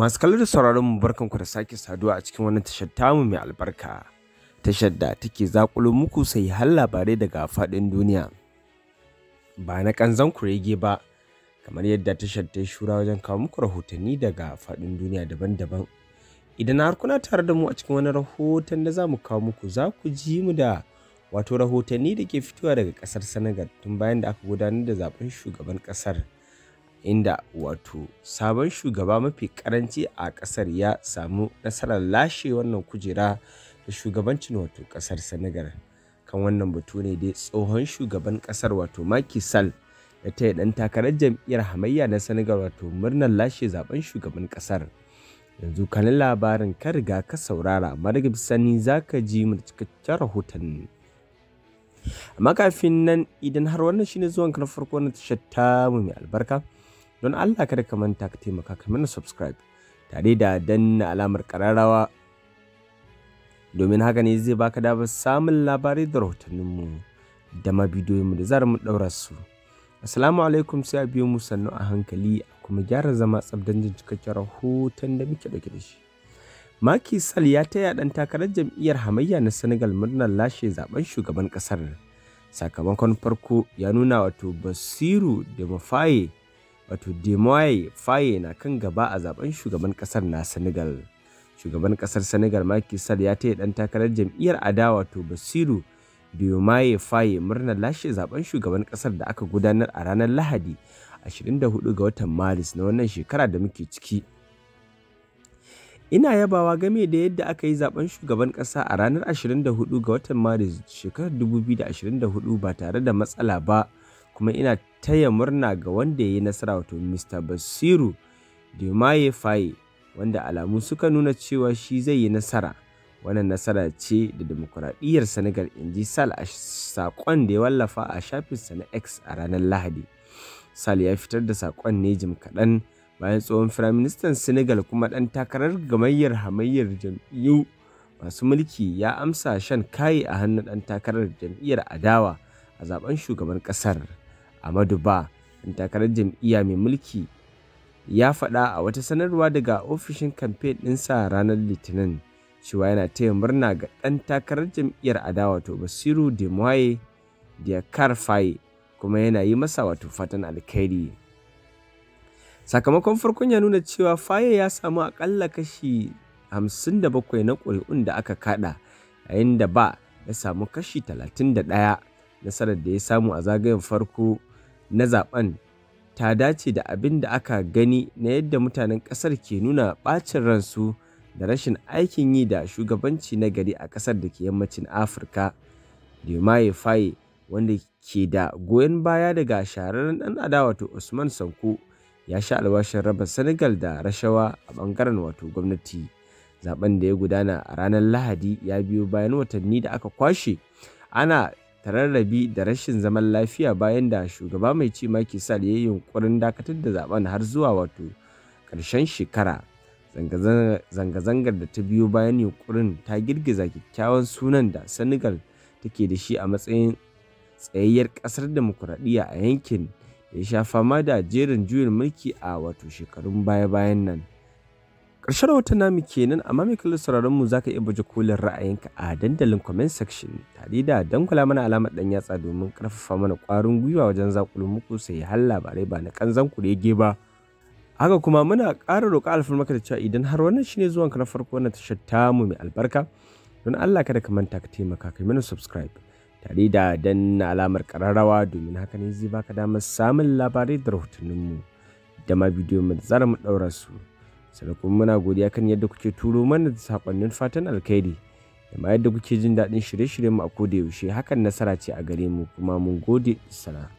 Masu kallar sauraron mu ku da sake saduwa a cikin wannan tashar tamu mai albarka. Tashar da take zakulo muku sai har labarai daga faɗin duniya. Ba na kanzan kurege ba, kamar yadda tashar ta shura wajen kawo muku rahotanni daga faɗin duniya daban-daban. Idan har kuna tare da mu a cikin wani rahoton da zamu kawo muku za ku ji mu da wato rahotanni da ke fitowa daga ƙasar Senegal tun bayan da aka gudanar da zaben shugaban ƙasar. inda wato sabon shugaba mafi karanci a kasar ya samu nasarar lashe wannan kujera da shugabancin wato kasar senegal kan wannan batu ne dai tsohon shugaban kasar wato makisal sal da ta yi dan takarar jam'iyyar hamayya na senegal wato murnar lashe zaben shugaban kasar yanzu kanin labarin ka riga ka saurara margib sani za ka ji mu cikakken rahoton amma kafin nan idan har wannan shine zuwan farko na tashar tamu mai albarka don Allah kada ka manta ka taimaka ka mana subscribe tare da danna alamar kararrawa domin haka ne zai baka da samun labarai da rahotanninmu da ma bidiyoyinmu da zarar mu daura su. Assalamu alaikum sai a biyo mu sannu a hankali kuma gyara zama tsabdan jin cikakken rahoton da muke ɗauke da shi. Maki Sall ya taya ɗan takarar jam'iyyar hamayya na Senegal murnar lashe zaben shugaban ƙasar. Sakamakon farko ya nuna wato Basiru da Mafaye wato Diomaye Faye na kan gaba a zaben shugaban kasar na Senegal. Shugaban kasar Senegal Macky Sall ya taya dan takarar jam'iyyar adawa to Basiru Diomaye Faye murnar lashe zaben shugaban kasar da aka gudanar a ranar Lahadi 24 ga watan Maris na wannan shekara da muke ciki. Ina yabawa game da yadda aka yi zaben shugaban kasa a ranar 24 ga watan Maris shekarar 2024 ba tare da matsala ba. kuma ina taya murna ga wanda ya yi nasara wato Mr. Basiru Dumaye Faye wanda alamu suka nuna cewa shi zai yi nasara. Wannan nasara ce da demokuraɗiyyar Senegal inji Sal a saƙon da ya wallafa a shafinsa na X a ranar Lahadi. Sal ya fitar da saƙon ne jim kaɗan bayan tsohon firaministan Senegal kuma ɗan takarar gamayyar hamayyar jam'iyyu masu mulki ya amsa shan kayi a hannun ɗan takarar jam'iyyar adawa a zaben shugaban ƙasar. Amadu Ba, ɗan takarar jam'iyya mai mulki, ya faɗa a wata sanarwa daga ofishin ɗin ɗinsa ranar Litinin cewa yana taya murna ga ɗan takarar jam'iyyar adawa to Basiru Demoye Diakar Faye kuma yana yi masa wato fatan alkhairi. Sakamakon farkon ya nuna cewa Faye ya samu aƙalla kashi 57 na ƙuri'un da aka kaɗa, yayin da ba ya samu kashi 31 nasarar da ya samu a zagayen farko na zaɓen ta dace da abin da aka gani na yadda mutanen ƙasar ke nuna ɓacin ransu da rashin aikin yi da shugabanci na gari a ƙasar da ke yammacin afirka demaye faye wanda ke da goyon baya daga shahararren ɗan adawa wato usman sanko ya sha alwashin raba senegal da rashawa a ɓangaren wato gwamnati zaben da ya gudana a ranar lahadi ya biyo bayan watanni da aka kwashe ana tararrabi da rashin zaman lafiya bayan da shugaba mai ci maki sal ya yi yunkurin dakatar da zaben har zuwa wato ƙarshen shekara. Zanga-zangar da ta biyo bayan yunkurin ta girgiza kyakkyawan sunan da Senegal take da shi a matsayin tsayayyar ƙasar demokuraɗiyya a yankin da ya sha fama da jerin juyin mulki a wato shekarun baya-bayan nan. ƙarshen rahoton namu kenan amma mai kallon sauraron mu zaka iya baje kolin ra'ayinka a dandalin comment section tare da dankula mana alamar dan yatsa domin ƙarfafa mana ƙwarin gwiwa wajen zakulu muku sai har labarai ba na kanzan kurege ba haka kuma muna ƙara roƙa alfarmaka da cewa idan har wannan shine zuwa na farko ta tashar tamu mai albarka don Allah kada ka manta ka taimaka kai mana subscribe tare da danna alamar ƙararrawa domin haka ne zai baka damar samun labarai da rahotanninmu da ma bidiyo mu da mu daura su sannan muna godiya kan yadda kuke turo mana da sakonnin fatan alkhairi da ma yadda kuke jin daɗin shirye-shiryen mu a koda yaushe hakan nasara ce a gare mu kuma mun gode sana'a